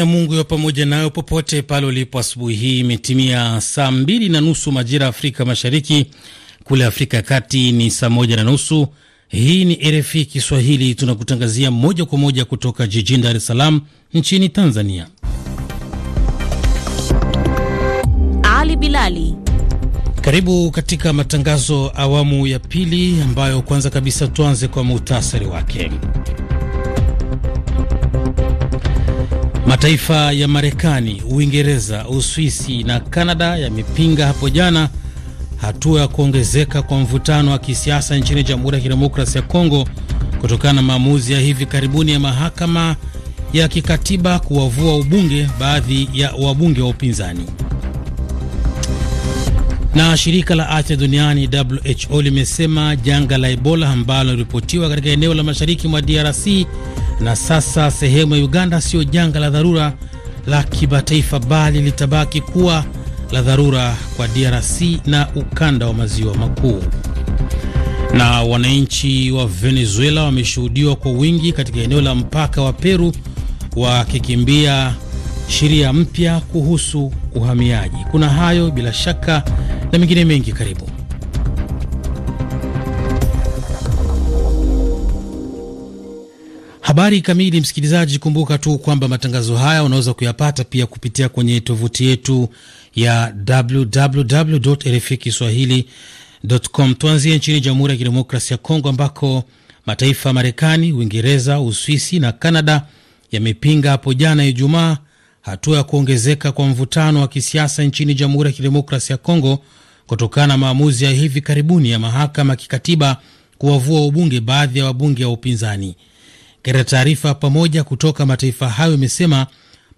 amani ya Mungu yo pamoja nayo popote pale ulipo. Asubuhi hii imetimia saa mbili na nusu majira ya Afrika Mashariki, kule Afrika ya Kati ni saa moja na nusu. Hii ni RFI Kiswahili, tunakutangazia moja kwa moja kutoka jijini Dar es Salaam nchini Tanzania. Ali Bilali, karibu katika matangazo awamu ya pili, ambayo kwanza kabisa tuanze kwa muhtasari wake. Mataifa ya Marekani, Uingereza, Uswisi na Kanada yamepinga hapo jana hatua ya kuongezeka kwa mvutano wa kisiasa nchini Jamhuri ya kidemokrasi ya Kongo kutokana na maamuzi ya hivi karibuni ya mahakama ya kikatiba kuwavua ubunge baadhi ya wabunge wa upinzani. Na shirika la afya duniani WHO limesema janga la Ebola ambalo liliripotiwa katika eneo la mashariki mwa DRC na sasa sehemu ya Uganda siyo janga la dharura la kimataifa, bali litabaki kuwa la dharura kwa DRC na ukanda wa maziwa makuu. Na wananchi wa Venezuela wameshuhudiwa kwa wingi katika eneo la mpaka wa Peru wakikimbia sheria mpya kuhusu uhamiaji. Kuna hayo bila shaka na mengine mengi, karibu Habari kamili, msikilizaji, kumbuka tu kwamba matangazo haya unaweza kuyapata pia kupitia kwenye tovuti yetu ya www RFI Kiswahili.com. Tuanzie nchini Jamhuri ya Kidemokrasi ya Kongo ambako mataifa ya Marekani, Uingereza, Uswisi na Kanada yamepinga hapo jana Ijumaa hatua ya kuongezeka kwa mvutano wa kisiasa nchini Jamhuri ya Kidemokrasi ya Kongo kutokana na maamuzi ya hivi karibuni ya mahakama ya kikatiba kuwavua ubunge baadhi ya wabunge wa upinzani. Katika taarifa pamoja kutoka mataifa hayo imesema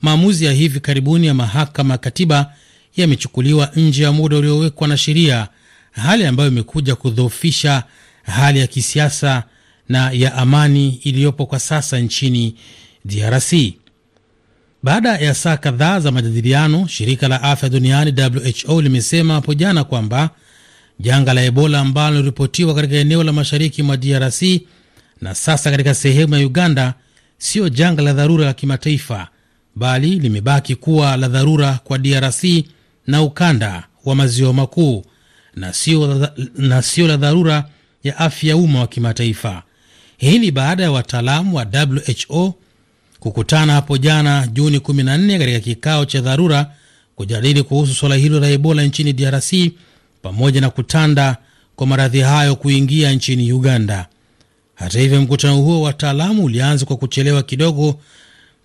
maamuzi ya hivi karibuni ya mahakama ya katiba yamechukuliwa nje ya muda uliowekwa na sheria, hali ambayo imekuja kudhoofisha hali ya kisiasa na ya amani iliyopo kwa sasa nchini DRC. Baada ya saa kadhaa za majadiliano, shirika la afya duniani WHO limesema hapo jana kwamba janga la Ebola ambalo liliripotiwa katika eneo la mashariki mwa DRC na sasa katika sehemu ya Uganda siyo janga la dharura la kimataifa, bali limebaki kuwa la dharura kwa DRC na ukanda wa maziwa makuu na sio na sio la dharura ya afya ya umma wa kimataifa. Hii ni baada ya wataalamu wa WHO kukutana hapo jana Juni 14 katika kikao cha dharura kujadili kuhusu suala hilo la Ebola nchini DRC pamoja na kutanda kwa maradhi hayo kuingia nchini Uganda. Hata hivyo, mkutano huo wa wataalamu ulianza kwa kuchelewa kidogo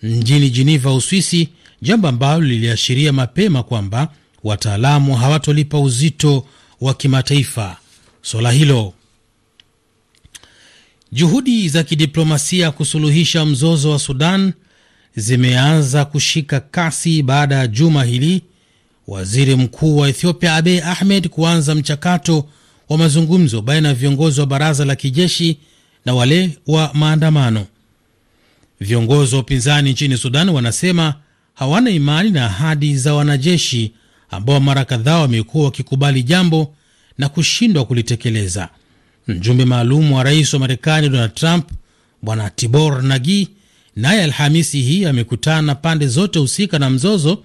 mjini Jiniva, Uswisi, jambo ambalo liliashiria mapema kwamba wataalamu hawatolipa uzito wa kimataifa swala hilo. Juhudi za kidiplomasia kusuluhisha mzozo wa Sudan zimeanza kushika kasi baada ya juma hili waziri mkuu wa Ethiopia Abiy Ahmed kuanza mchakato wa mazungumzo baina ya viongozi wa baraza la kijeshi na wale wa maandamano. Viongozi wa upinzani nchini Sudan wanasema hawana imani na ahadi za wanajeshi ambao mara kadhaa wamekuwa wakikubali jambo na kushindwa kulitekeleza. Mjumbe maalum wa rais wa Marekani Donald Trump Bwana Tibor Nagi naye Alhamisi hii amekutana pande zote husika na mzozo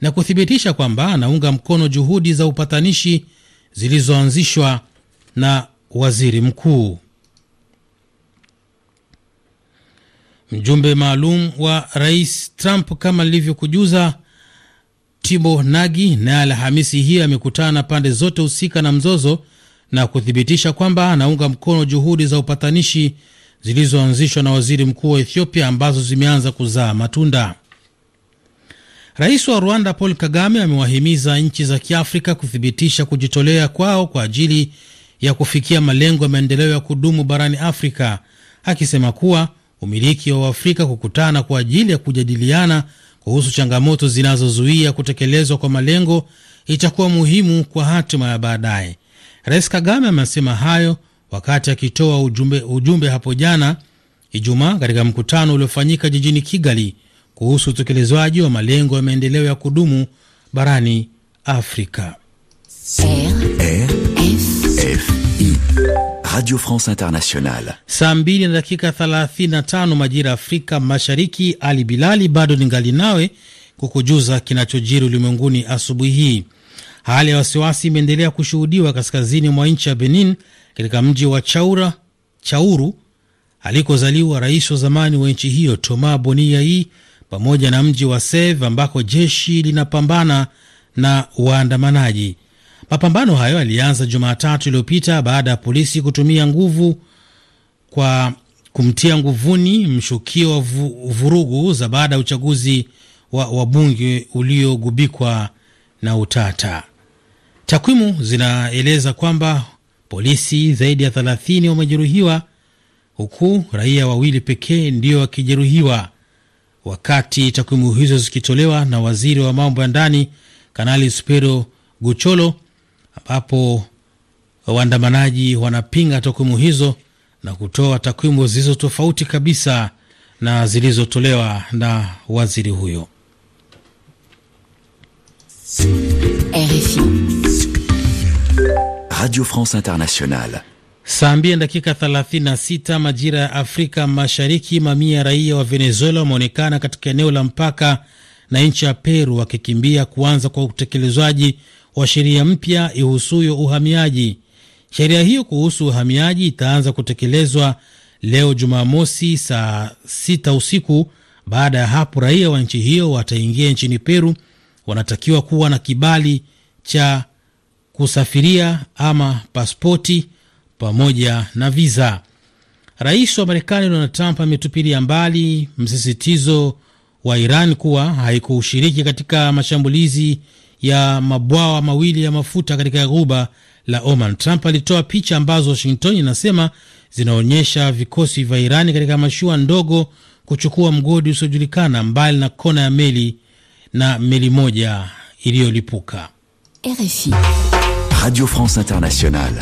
na kuthibitisha kwamba anaunga mkono juhudi za upatanishi zilizoanzishwa na waziri mkuu. Mjumbe maalum wa rais Trump kama lilivyokujuza Tibo Nagi naye Alhamisi hii amekutana pande zote husika na mzozo na kuthibitisha kwamba anaunga mkono juhudi za upatanishi zilizoanzishwa na waziri mkuu wa Ethiopia ambazo zimeanza kuzaa matunda. Rais wa Rwanda Paul Kagame amewahimiza nchi za Kiafrika kuthibitisha kujitolea kwao kwa ajili ya kufikia malengo ya maendeleo ya kudumu barani Afrika akisema kuwa umiliki wa Waafrika kukutana kwa ajili ya kujadiliana kuhusu changamoto zinazozuia kutekelezwa kwa malengo itakuwa muhimu kwa hatima ya baadaye. Rais Kagame amesema hayo wakati akitoa ujumbe, ujumbe hapo jana Ijumaa katika mkutano uliofanyika jijini Kigali kuhusu utekelezwaji wa malengo ya maendeleo ya kudumu barani Afrika. Radio France Internationale. Saa mbili na dakika 35 majira ya Afrika Mashariki. Ali Bilali bado ni ngali nawe kukujuza kinachojiri ulimwenguni asubuhi hii. Hali ya wasiwasi imeendelea kushuhudiwa kaskazini mwa nchi ya Benin, katika mji wa Chaura, Chauru alikozaliwa rais wa zamani wa nchi hiyo Toma Boniai, pamoja na mji wa Save ambako jeshi linapambana na waandamanaji. Mapambano hayo yalianza Jumatatu iliyopita baada ya polisi kutumia nguvu kwa kumtia nguvuni mshukio wa vurugu za baada ya uchaguzi wa bunge uliogubikwa na utata. Takwimu zinaeleza kwamba polisi zaidi ya 30 wamejeruhiwa huku raia wawili pekee ndio wakijeruhiwa, wakati takwimu hizo zikitolewa na waziri wa mambo ya ndani Kanali Spero Gucholo ambapo waandamanaji wanapinga takwimu hizo na kutoa takwimu zilizo tofauti kabisa na zilizotolewa na waziri huyo. Radio France Internationale. Saa mbili na dakika 36 majira ya Afrika Mashariki, mamia ya raia wa Venezuela wameonekana katika eneo la mpaka na nchi ya Peru wakikimbia kuanza kwa utekelezwaji wa sheria mpya ihusuyo uhamiaji. Sheria hiyo kuhusu uhamiaji itaanza kutekelezwa leo Jumamosi saa sita usiku. Baada ya hapo, raia wa nchi hiyo wataingia nchini Peru wanatakiwa kuwa na kibali cha kusafiria ama paspoti pamoja na viza. Rais wa Marekani Donald Trump ametupilia mbali msisitizo wa Iran kuwa haikuushiriki katika mashambulizi ya mabwawa mawili ya mafuta katika ghuba la Oman. Trump alitoa picha ambazo Washington inasema zinaonyesha vikosi vya Irani katika mashua ndogo kuchukua mgodi usiojulikana mbali na kona ya meli na meli moja iliyolipuka. RFI, Radio France Internationale.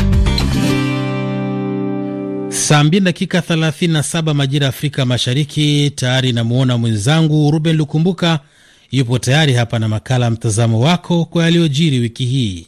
Saa mbili dakika 37 majira ya Afrika Mashariki. Tayari namwona mwenzangu Ruben Lukumbuka yupo tayari hapa na makala mtazamo wako kwa yaliyojiri wiki hii.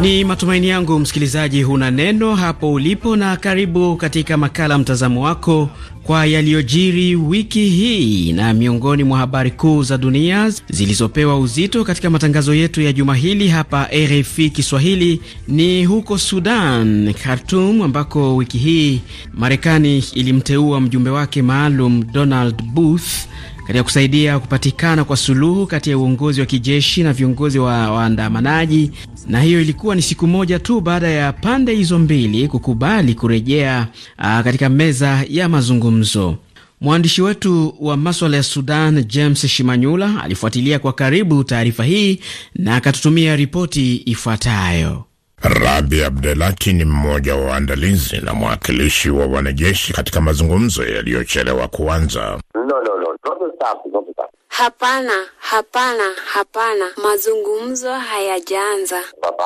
Ni matumaini yangu msikilizaji, huna neno hapo ulipo, na karibu katika makala mtazamo wako kwa yaliyojiri wiki hii na miongoni mwa habari kuu za dunia zilizopewa uzito katika matangazo yetu ya juma hili hapa RFI Kiswahili ni huko Sudan, khartum ambako wiki hii Marekani ilimteua mjumbe wake maalum Donald Booth katika kusaidia kupatikana kwa suluhu kati ya uongozi wa kijeshi na viongozi wa waandamanaji, na hiyo ilikuwa ni siku moja tu baada ya pande hizo mbili kukubali kurejea aa, katika meza ya mazungumzo. Mwandishi wetu wa maswala ya Sudan James Shimanyula alifuatilia kwa karibu taarifa hii na akatutumia ripoti ifuatayo. Rabi Abdelati ni mmoja wa waandalizi na mwakilishi wa wanajeshi katika mazungumzo yaliyochelewa kuanza tatu zote tatu. Hapana, hapana, hapana, mazungumzo hayajaanza. Uh,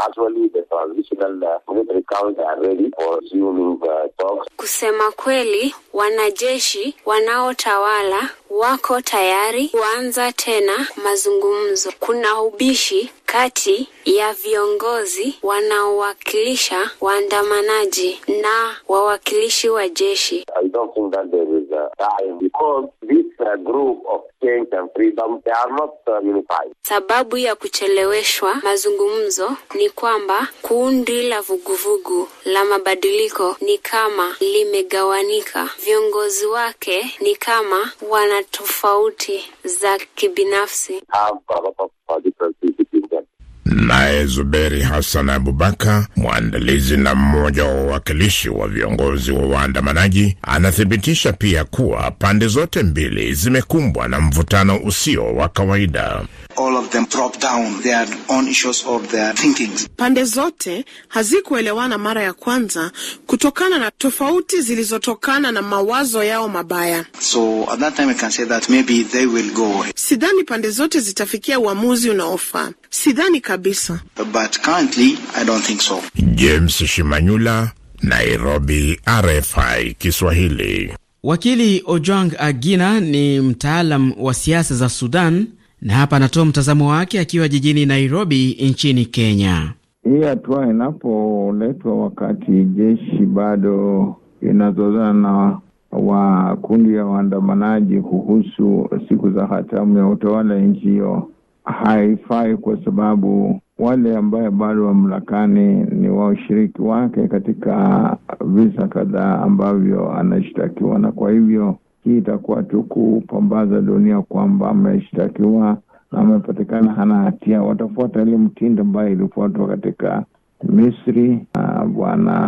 uh, Kusema kweli, wanajeshi wanaotawala wako tayari kuanza tena mazungumzo. Kuna ubishi kati ya viongozi wanaowakilisha waandamanaji na wawakilishi wa jeshi. I don't think that there is a time because this a group of change and freedom. They are not uh, unified. Sababu ya kucheleweshwa mazungumzo ni kwamba kundi la vuguvugu la mabadiliko ni kama limegawanika. Viongozi wake ni kama wana tofauti za kibinafsi. Have a lot of Naye Zuberi Hassan Abubakar, mwandalizi na mmoja wa wawakilishi wa viongozi wa waandamanaji, anathibitisha pia kuwa pande zote mbili zimekumbwa na mvutano usio wa kawaida. All of them drop down their own issues or their thinkings. Pande zote hazikuelewana mara ya kwanza kutokana na tofauti zilizotokana na mawazo yao mabaya. So at that time I can say that maybe they will go. Sidhani pande zote zitafikia uamuzi unaofaa. Sidhani kabisa. But currently I don't think so. James Shimanyula, Nairobi, RFI Kiswahili. Wakili Ojwang Agina ni mtaalam wa siasa za Sudan na hapa anatoa mtazamo wake akiwa jijini Nairobi nchini Kenya. Hii hatua inapoletwa wakati jeshi bado inazozana na wa kundi ya waandamanaji kuhusu siku za hatamu ya utawala nchi hiyo haifai, kwa sababu wale ambaye bado mamlakani ni washiriki wake katika visa kadhaa ambavyo anashtakiwa, na kwa hivyo hii itakuwa tu kupambaza dunia kwamba ameshtakiwa na amepatikana hana hatia. Watafuata ile mtindo ambayo ilifuatwa katika Misri na bwana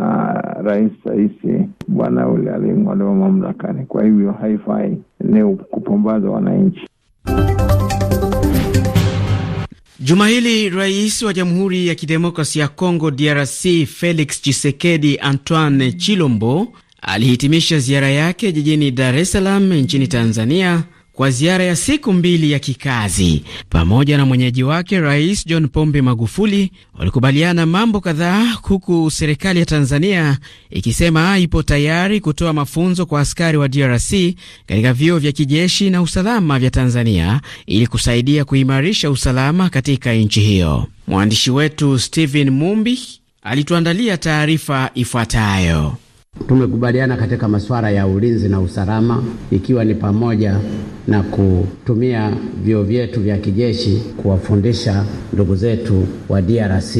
rais saisi, bwana ule aliyeng'olewa mamlakani. Kwa hivyo haifai, ni kupambaza wananchi. Juma hili rais wa Jamhuri ya kidemokrasi ya congo DRC, Felix chisekedi Antoine Chilombo alihitimisha ziara yake jijini Dar es Salaam nchini Tanzania kwa ziara ya siku mbili ya kikazi. Pamoja na mwenyeji wake Rais John Pombe Magufuli, walikubaliana mambo kadhaa, huku serikali ya Tanzania ikisema ipo tayari kutoa mafunzo kwa askari wa DRC katika vyuo vya kijeshi na usalama vya Tanzania ili kusaidia kuimarisha usalama katika nchi hiyo. Mwandishi wetu Stephen Mumbi alituandalia taarifa ifuatayo. Tumekubaliana katika masuala ya ulinzi na usalama, ikiwa ni pamoja na kutumia vyuo vyetu vya kijeshi kuwafundisha ndugu zetu wa DRC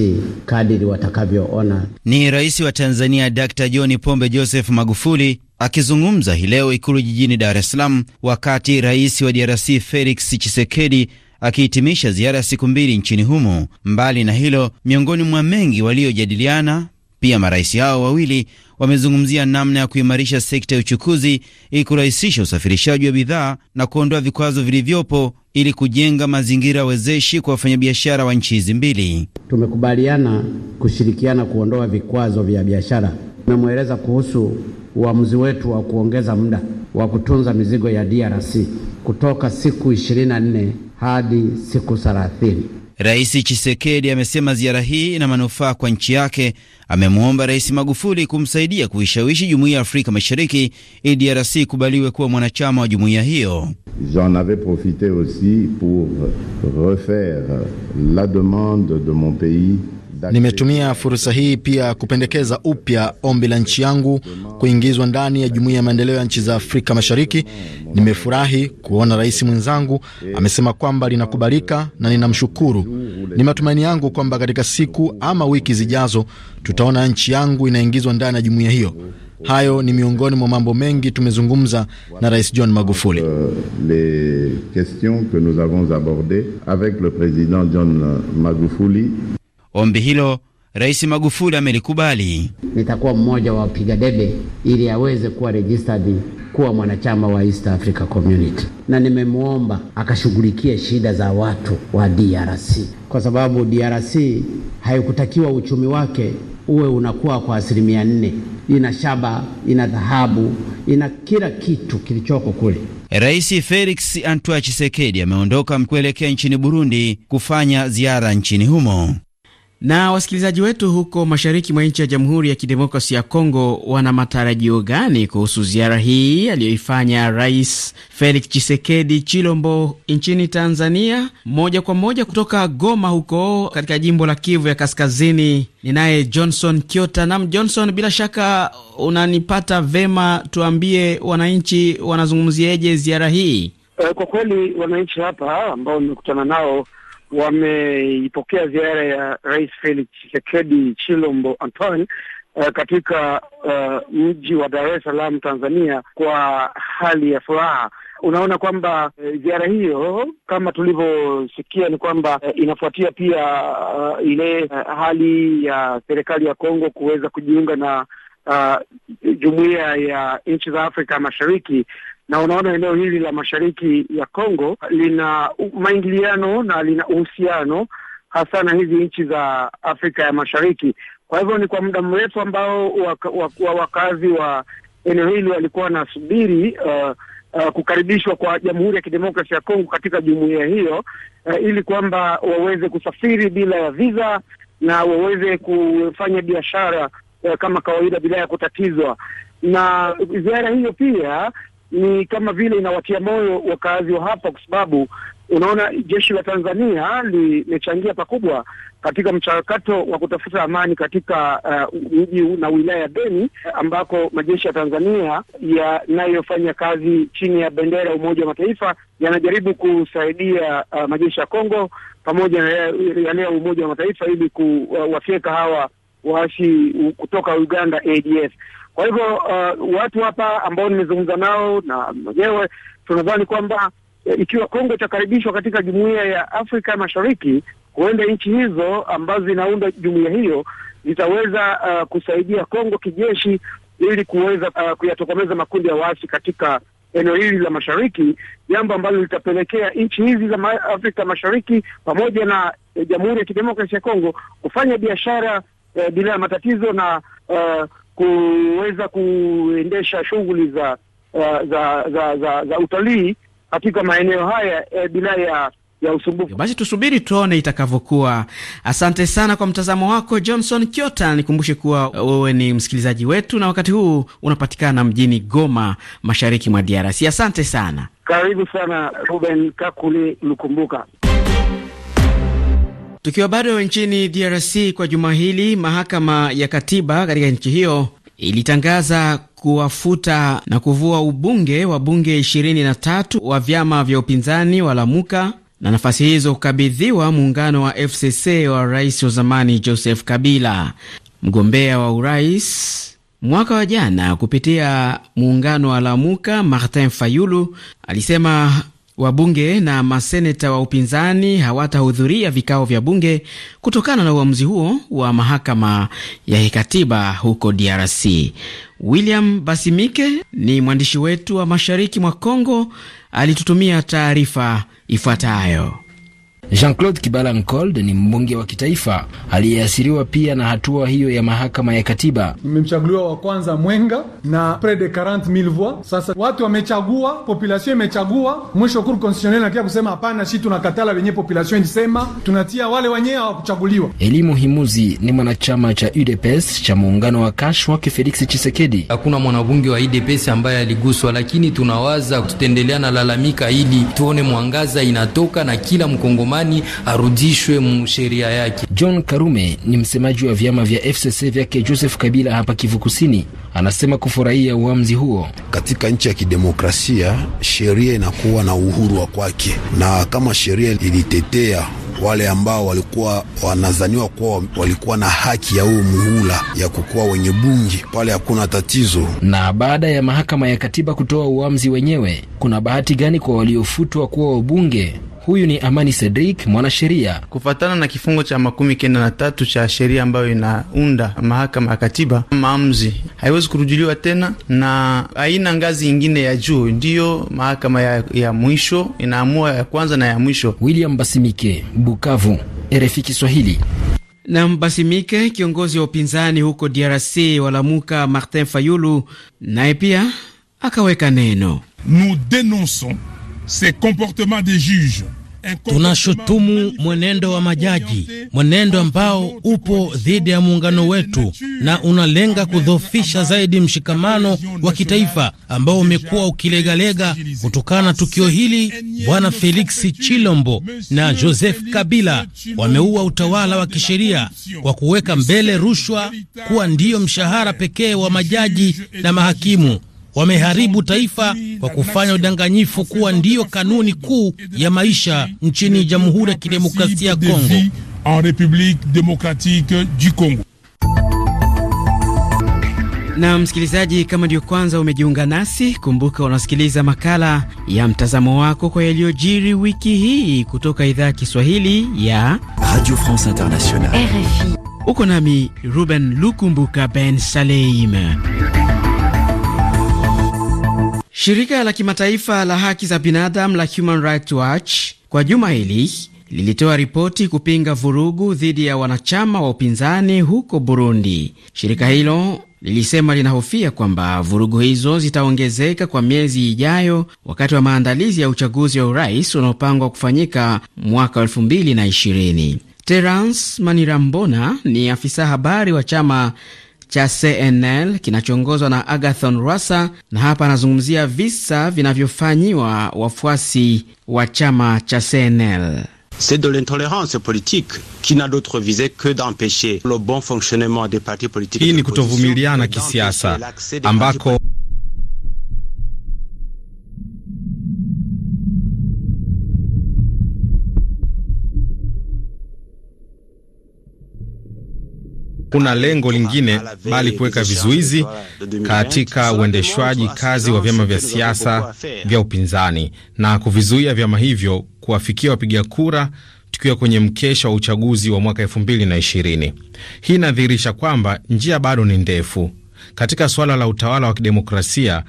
kadiri watakavyoona. Ni Rais wa Tanzania Dr. John Pombe Joseph Magufuli akizungumza hii leo Ikulu jijini Dar es Salaam, wakati Rais wa DRC Felix Tshisekedi akihitimisha ziara ya siku mbili nchini humo. Mbali na hilo, miongoni mwa mengi waliojadiliana pia marais hao wawili wamezungumzia namna ya kuimarisha sekta ya uchukuzi ili kurahisisha usafirishaji wa bidhaa na kuondoa vikwazo vilivyopo ili kujenga mazingira wezeshi kwa wafanyabiashara wa nchi hizi mbili. Tumekubaliana kushirikiana kuondoa vikwazo vya biashara. Tumemweleza kuhusu uamuzi wetu wa kuongeza muda wa kutunza mizigo ya DRC kutoka siku 24 hadi siku 30. Rais Chisekedi amesema ziara hii ina manufaa kwa nchi yake. Amemwomba Rais Magufuli kumsaidia kuishawishi jumuiya ya Afrika Mashariki ili DRC ikubaliwe kuwa mwanachama wa jumuiya hiyo. J'en avais profite aussi pour refaire la demande de mon pays Nimetumia fursa hii pia kupendekeza upya ombi la nchi yangu kuingizwa ndani ya jumuiya ya maendeleo ya nchi za Afrika Mashariki. Nimefurahi kuona rais mwenzangu amesema kwamba linakubalika na ninamshukuru. Ni matumaini yangu kwamba katika siku ama wiki zijazo tutaona nchi yangu inaingizwa ndani ya jumuiya hiyo. Hayo ni miongoni mwa mambo mengi tumezungumza na Rais John Magufuli. Euh, les questions que nous avons avec le président John Magufuli Ombi hilo Rais Magufuli amelikubali. Nitakuwa mmoja wa wapiga debe ili aweze kuwa registered kuwa mwanachama wa East Africa Community, na nimemwomba akashughulikie shida za watu wa DRC kwa sababu DRC haikutakiwa uchumi wake uwe unakuwa kwa asilimia nne. Ina shaba, ina dhahabu, ina kila kitu kilichoko kule. Rais Felix Antoine Tshisekedi ameondoka kuelekea nchini Burundi kufanya ziara nchini humo. Na wasikilizaji wetu huko mashariki mwa nchi ya Jamhuri ya Kidemokrasi ya Kongo wana matarajio gani kuhusu ziara hii aliyoifanya Rais Felix chisekedi Chilombo nchini Tanzania? Moja kwa moja kutoka Goma huko katika jimbo la Kivu ya Kaskazini, ninaye Johnson Kyota. Nam Johnson, bila shaka unanipata vema, tuambie wananchi wanazungumziaje ziara hii? Eh, kwa kweli wananchi hapa ambao nimekutana nao wameipokea ziara ya Rais Felix chisekedi Chilombo Antoine uh, katika uh, mji wa Dar es Salaam Tanzania kwa hali ya furaha. Unaona kwamba e, ziara hiyo kama tulivyosikia ni kwamba e, inafuatia pia uh, ile uh, hali ya serikali ya Kongo kuweza kujiunga na uh, jumuiya ya nchi za Afrika Mashariki na unaona eneo hili la mashariki ya Kongo lina maingiliano na lina uhusiano hasa na hizi nchi za Afrika ya Mashariki. Kwa hivyo ni kwa muda mrefu ambao waka, waka, wakazi wa eneo hili walikuwa wanasubiri uh, uh, kukaribishwa kwa Jamhuri ya Kidemokrasia ya Kongo katika jumuiya hiyo uh, ili kwamba waweze kusafiri bila ya visa na waweze kufanya biashara uh, kama kawaida bila ya kutatizwa. Na ziara hiyo pia ni kama vile inawatia moyo wakaazi wa hapa, kwa sababu unaona jeshi la Tanzania limechangia pakubwa katika mchakato wa kutafuta amani katika uh, mji uh, na wilaya ya Beni ambako majeshi ya Tanzania yanayofanya kazi chini ya bendera ya Umoja wa Mataifa yanajaribu kusaidia uh, majeshi ya Kongo pamoja na yale ya Umoja wa Mataifa ili kuwafyeka uh, hawa waasi kutoka Uganda ADF. Kwa hivyo uh, watu hapa ambao nimezungumza nao na mwenyewe tunadhani kwamba e, ikiwa Kongo itakaribishwa katika jumuiya ya Afrika Mashariki, huenda nchi hizo ambazo zinaunda jumuiya hiyo zitaweza uh, kusaidia Kongo kijeshi ili kuweza uh, kuyatokomeza makundi ya waasi katika eneo hili la mashariki, jambo ambalo litapelekea nchi hizi za Afrika Mashariki pamoja na eh, Jamhuri ya Kidemokrasia ya Kongo kufanya biashara e, bila ya matatizo na uh, kuweza kuendesha shughuli za, uh, za, za, za, za utalii katika maeneo haya eh, bila ya ya usumbufu. Basi tusubiri tuone itakavyokuwa. Asante sana kwa mtazamo wako Johnson kyota Nikumbushe kuwa uh, wewe ni msikilizaji wetu na wakati huu unapatikana mjini Goma, mashariki mwa DRC. Asante sana, karibu sana Ruben Kakule Lukumbuka. Tukiwa bado nchini DRC, kwa juma hili mahakama ya katiba katika nchi hiyo ilitangaza kuwafuta na kuvua ubunge wa bunge 23 wa vyama vya upinzani wa Lamuka na nafasi hizo kukabidhiwa muungano wa FCC wa rais wa zamani Joseph Kabila. Mgombea wa urais mwaka wa jana kupitia muungano wa Lamuka Martin Fayulu alisema Wabunge na maseneta wa upinzani hawatahudhuria vikao vya bunge kutokana na uamuzi huo wa mahakama ya kikatiba huko DRC. William Basimike ni mwandishi wetu wa mashariki mwa congo alitutumia taarifa ifuatayo. Jean-Claude Kibala Nkold ni mbunge wa kitaifa aliyeasiriwa pia na hatua hiyo ya mahakama ya katiba. Nimemchaguliwa wa kwanza Mwenga na pres de 40000 voix. Sasa watu wamechagua, population imechagua, mwisho kuru constitutionnel nakia kusema hapana, shi tunakatala wenye population ilisema, tunatia wale wenyewe hawakuchaguliwa. Elimu Himuzi ni mwanachama cha UDPS cha muungano wa Kash wake Felix Chisekedi. Hakuna mwanabunge wa UDPS ambaye aliguswa, lakini tunawaza tutaendelea na lalamika ili tuone mwangaza inatoka na kila mkongomani amani arudishwe msheria yake. John Karume ni msemaji wa vyama vya FCC vyake Joseph Kabila hapa Kivu Kusini, anasema kufurahia uamuzi huo. Katika nchi ya kidemokrasia sheria inakuwa na uhuru wa kwake, na kama sheria ilitetea wale ambao walikuwa wanazaniwa kuwa walikuwa na haki ya huu muhula ya kukuwa wenye bunge pale, hakuna tatizo. Na baada ya mahakama ya katiba kutoa uamuzi wenyewe, kuna bahati gani kwa waliofutwa kuwa wabunge? Huyu ni Amani Cedric, mwanasheria. Kufatana na kifungo cha makumi kenda na tatu cha sheria ambayo inaunda mahakama ya katiba, maamuzi haiwezi kurujiliwa tena na haina ngazi ingine ya juu, ndiyo mahakama ya, ya mwisho inaamua ya kwanza na ya mwisho. William Basimike, Bukavu, RFI Kiswahili. Na Basimike, kiongozi wa upinzani huko DRC walamuka Martin Fayulu naye pia akaweka neno. Nous denonçons ces comportements des juges Tunashutumu mwenendo wa majaji, mwenendo ambao upo dhidi ya muungano wetu na unalenga kudhoofisha zaidi mshikamano wa kitaifa ambao umekuwa ukilegalega kutokana na tukio hili. Bwana Felix Chilombo na Joseph Kabila wameua utawala wa kisheria kwa kuweka mbele rushwa kuwa ndiyo mshahara pekee wa majaji na mahakimu wameharibu taifa kwa kufanya udanganyifu kuwa ndiyo kanuni kuu ya maisha nchini Jamhuri ya Kidemokrasia ya Kongo. Na msikilizaji, kama ndiyo kwanza umejiunga nasi, kumbuka unasikiliza makala ya mtazamo wako kwa yaliyojiri wiki hii kutoka idhaa ya Kiswahili ya Radio France Internationale. Uko nami Ruben Lukumbuka Ben Saleim. Shirika la kimataifa la haki za binadamu la Human Rights Watch kwa juma hili lilitoa ripoti kupinga vurugu dhidi ya wanachama wa upinzani huko Burundi. Shirika hilo lilisema linahofia kwamba vurugu hizo zitaongezeka kwa miezi ijayo wakati wa maandalizi ya uchaguzi wa urais unaopangwa kufanyika mwaka 2020. Terence Manirambona ni afisa habari wa chama cha CNL kinachoongozwa na Agathon Rwasa, na hapa anazungumzia visa vinavyofanyiwa wafuasi wa chama cha CNL. C'est de l'intolérance politique qui n'a d'autre visée que d'empêcher le bon fonctionnement des partis politiques. Hii ni kutovumiliana kisiasa ambako Kuna lengo lingine bali kuweka vizuizi katika uendeshwaji kazi wa vyama vya siasa vya upinzani na kuvizuia vyama hivyo kuwafikia wapiga kura tukiwa kwenye mkesha wa uchaguzi wa mwaka elfu mbili na ishirini. Hii inadhihirisha kwamba njia bado ni ndefu katika suala la utawala wa kidemokrasia.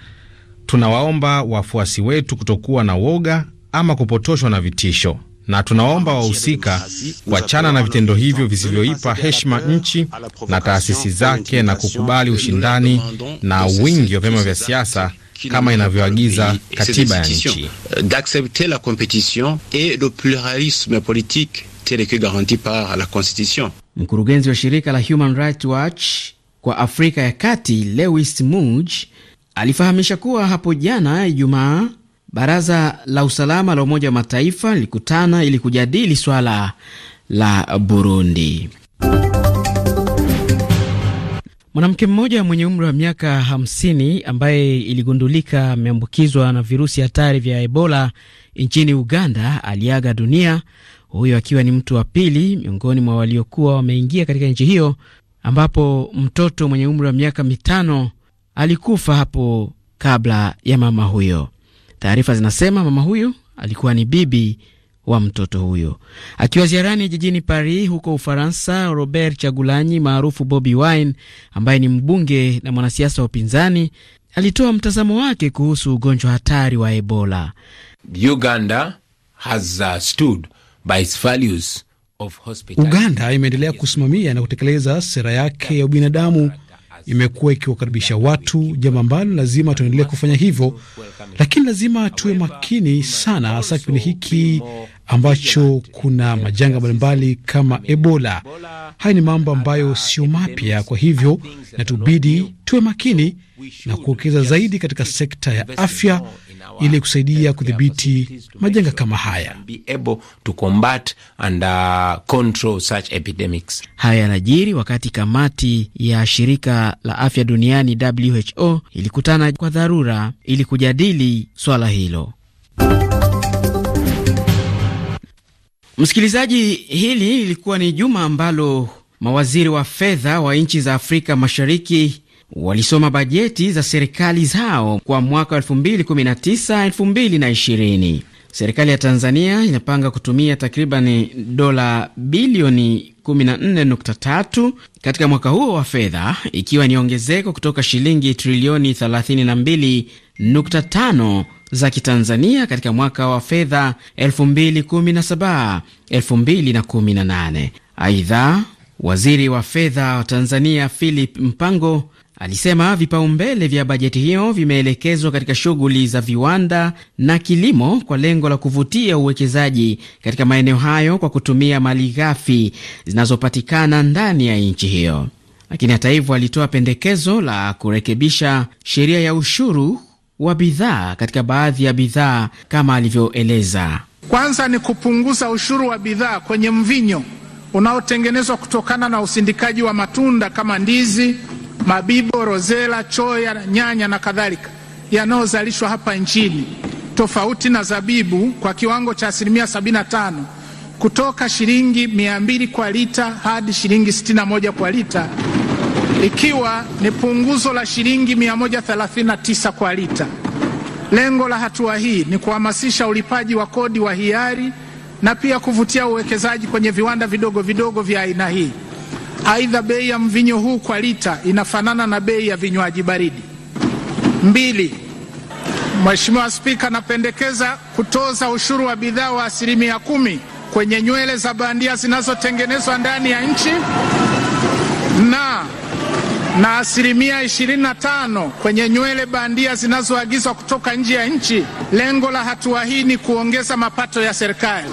Tunawaomba wafuasi wetu kutokuwa na woga ama kupotoshwa na vitisho na tunaomba wahusika kuachana na vitendo hivyo visivyoipa heshima nchi na taasisi zake na kukubali ushindani na wingi wa vyama vya siasa kama inavyoagiza katiba ya nchi. Mkurugenzi wa shirika la Human Rights Watch kwa Afrika ya Kati, Lewis Mudge, alifahamisha kuwa hapo jana Ijumaa Baraza la usalama la Umoja wa Mataifa lilikutana ili kujadili swala la Burundi. Mwanamke mmoja mwenye umri wa miaka 50 ambaye iligundulika ameambukizwa na virusi hatari vya Ebola nchini Uganda aliaga dunia, huyo akiwa ni mtu wa pili miongoni mwa waliokuwa wameingia katika nchi hiyo, ambapo mtoto mwenye umri wa miaka mitano alikufa hapo kabla ya mama huyo. Taarifa zinasema mama huyo alikuwa ni bibi wa mtoto huyo. Akiwa ziarani jijini Paris huko Ufaransa, Robert Chagulanyi maarufu Bobi Wine, ambaye ni mbunge na mwanasiasa wa upinzani, alitoa mtazamo wake kuhusu ugonjwa hatari wa Ebola. Uganda has uh, stood by its values of hospitality. Uganda imeendelea kusimamia na kutekeleza sera yake ya ubinadamu imekuwa ikiwakaribisha watu, jambo ambalo lazima tuendelee kufanya hivyo, lakini lazima tuwe makini sana, hasa kipindi hiki ambacho kuna majanga mbalimbali kama Ebola. Haya ni mambo ambayo sio mapya, kwa hivyo natubidi tuwe makini na kuwekeza zaidi katika sekta ya afya ili kusaidia kudhibiti majanga kama haya. Uh, haya yanajiri wakati kamati ya shirika la afya duniani WHO ilikutana kwa dharura ili kujadili swala hilo. Msikilizaji, hili lilikuwa ni juma ambalo mawaziri wa fedha wa nchi za Afrika Mashariki walisoma bajeti za serikali zao kwa mwaka 2019 2020. Serikali ya Tanzania inapanga kutumia takribani dola bilioni 14.3 katika mwaka huo wa fedha, ikiwa ni ongezeko kutoka shilingi trilioni 32.5 za Kitanzania katika mwaka wa fedha 2017 2018. Aidha, waziri wa fedha wa Tanzania Philip Mpango Alisema vipaumbele vya bajeti hiyo vimeelekezwa katika shughuli za viwanda na kilimo kwa lengo la kuvutia uwekezaji katika maeneo hayo kwa kutumia mali ghafi zinazopatikana ndani ya nchi hiyo. Lakini hata hivyo, alitoa pendekezo la kurekebisha sheria ya ushuru wa bidhaa katika baadhi ya bidhaa kama alivyoeleza. Kwanza ni kupunguza ushuru wa bidhaa kwenye mvinyo unaotengenezwa kutokana na usindikaji wa matunda kama ndizi mabibo, rozela, choya, nyanya na kadhalika yanayozalishwa hapa nchini, tofauti na zabibu kwa kiwango cha asilimia 75 kutoka shilingi 200 kwa lita hadi shilingi 61 kwa lita, ikiwa ni punguzo la shilingi 139 kwa lita. Lengo la hatua hii ni kuhamasisha ulipaji wa kodi wa hiari na pia kuvutia uwekezaji kwenye viwanda vidogo vidogo vya aina hii. Aidha, bei ya mvinyo huu kwa lita inafanana na bei ya vinywaji baridi. Mbili, Mheshimiwa Spika, napendekeza kutoza ushuru wa bidhaa wa asilimia kumi kwenye nywele za bandia zinazotengenezwa ndani ya nchi na na asilimia 25 kwenye nywele bandia zinazoagizwa kutoka nje ya nchi. Lengo la hatua hii ni kuongeza mapato ya serikali.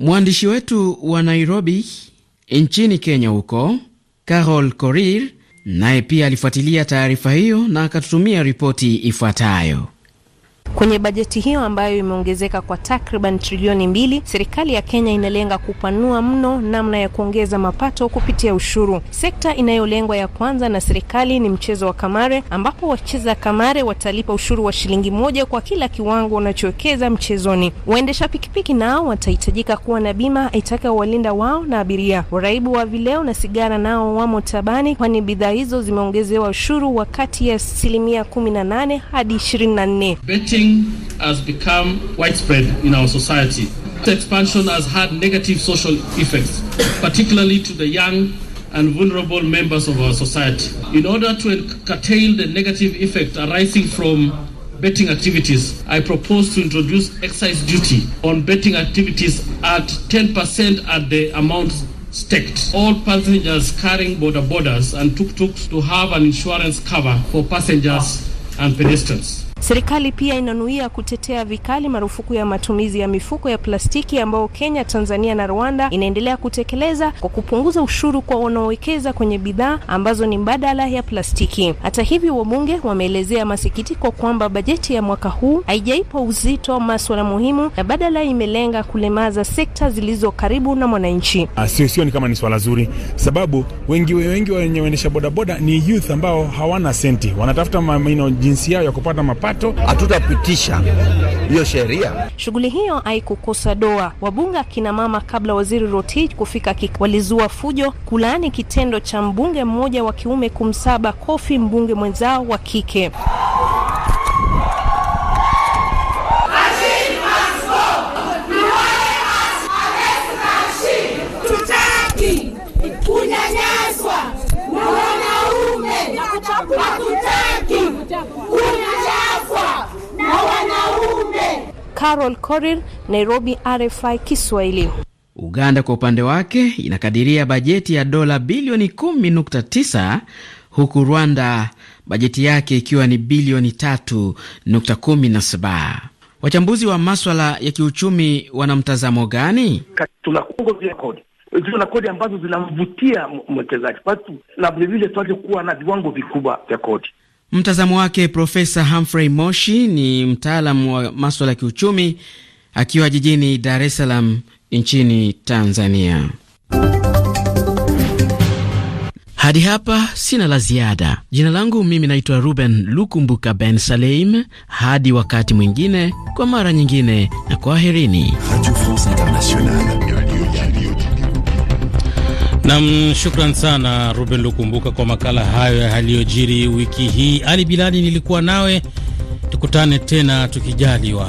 Mwandishi wetu wa Nairobi nchini Kenya huko. Carol Korir naye pia alifuatilia taarifa hiyo na akatutumia ripoti ifuatayo. Kwenye bajeti hiyo ambayo imeongezeka kwa takriban trilioni mbili, serikali ya Kenya inalenga kupanua mno namna ya kuongeza mapato kupitia ushuru. Sekta inayolengwa ya kwanza na serikali ni mchezo wa kamare, ambapo wacheza kamare watalipa ushuru wa shilingi moja kwa kila kiwango wanachowekeza mchezoni. Waendesha pikipiki nao watahitajika kuwa na bima itakayowalinda wao na abiria. Waraibu wa vileo na sigara nao wamo tabani, kwani bidhaa hizo zimeongezewa ushuru wa kati ya asilimia kumi na nane hadi ishirini na nne. Poaching has become widespread in our society. The expansion has had negative social effects, particularly to the young and vulnerable members of our society. In order to curtail the negative effect arising from betting activities, I propose to introduce excise duty on betting activities at 10% at the amount staked. All passengers carrying border borders and tuk-tuks to have an insurance cover for passengers and pedestrians. Serikali pia inanuia kutetea vikali marufuku ya matumizi ya mifuko ya plastiki ambayo Kenya, Tanzania na Rwanda inaendelea kutekeleza kwa kupunguza ushuru kwa wanaowekeza kwenye bidhaa ambazo ni mbadala ya plastiki. Hata hivyo, wabunge wameelezea masikitiko kwamba bajeti ya mwaka huu haijaipa uzito maswala muhimu na badala imelenga kulemaza sekta zilizo karibu na mwananchi. Ah, ni kama ni swala zuri, sababu wengi wengi wenye waendesha bodaboda ni youth ambao hawana senti, wanatafuta jinsi yao ya kupata mapa mapato, hatutapitisha hiyo sheria. Shughuli hiyo haikukosa doa. Wabunge akina mama, kabla waziri Rotich kufika kik, walizua fujo kulaani kitendo cha mbunge mmoja wa kiume kumsaba kofi mbunge mwenzao wa kike. kunyanyaswa na wanaume, hatutaki Carol Korir, Nairobi, RFI Kiswahili. Uganda kwa upande wake inakadiria bajeti ya dola bilioni 10.9 huku Rwanda bajeti yake ikiwa ni bilioni 3.17. Wachambuzi wa maswala ya kiuchumi wana mtazamo gani? Tuna kongo vya kodi, na kodi ambazo zinamvutia mwekezaji na vilevile tuache kuwa na viwango vikubwa vya kodi. Mtazamo wake Profesa Humphrey Moshi ni mtaalamu wa maswala ya kiuchumi akiwa jijini Dar es Salaam nchini Tanzania. Hadi hapa sina la ziada. Jina langu mimi naitwa Ruben Lukumbuka Ben Saleim. Hadi wakati mwingine, kwa mara nyingine, na kwaherini. Radio France Internationale. Nam, shukran sana Ruben Lukumbuka kwa makala hayo yaliyojiri wiki hii. Ali Bilali nilikuwa nawe, tukutane tena tukijaliwa.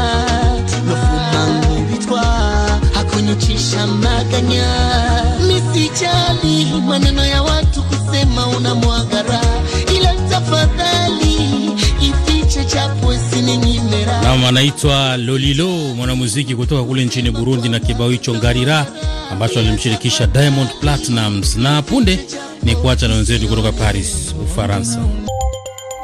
maneno ya watu kusema una mwagara, ila tafadhali ifiche chapo nyimera. Nam anaitwa Lolilo, mwanamuziki kutoka kule nchini Burundi, na kibao hicho Ngarira ambacho alimshirikisha Diamond Platnumz, na punde ni kuacha na wenzetu kutoka Paris, Ufaransa.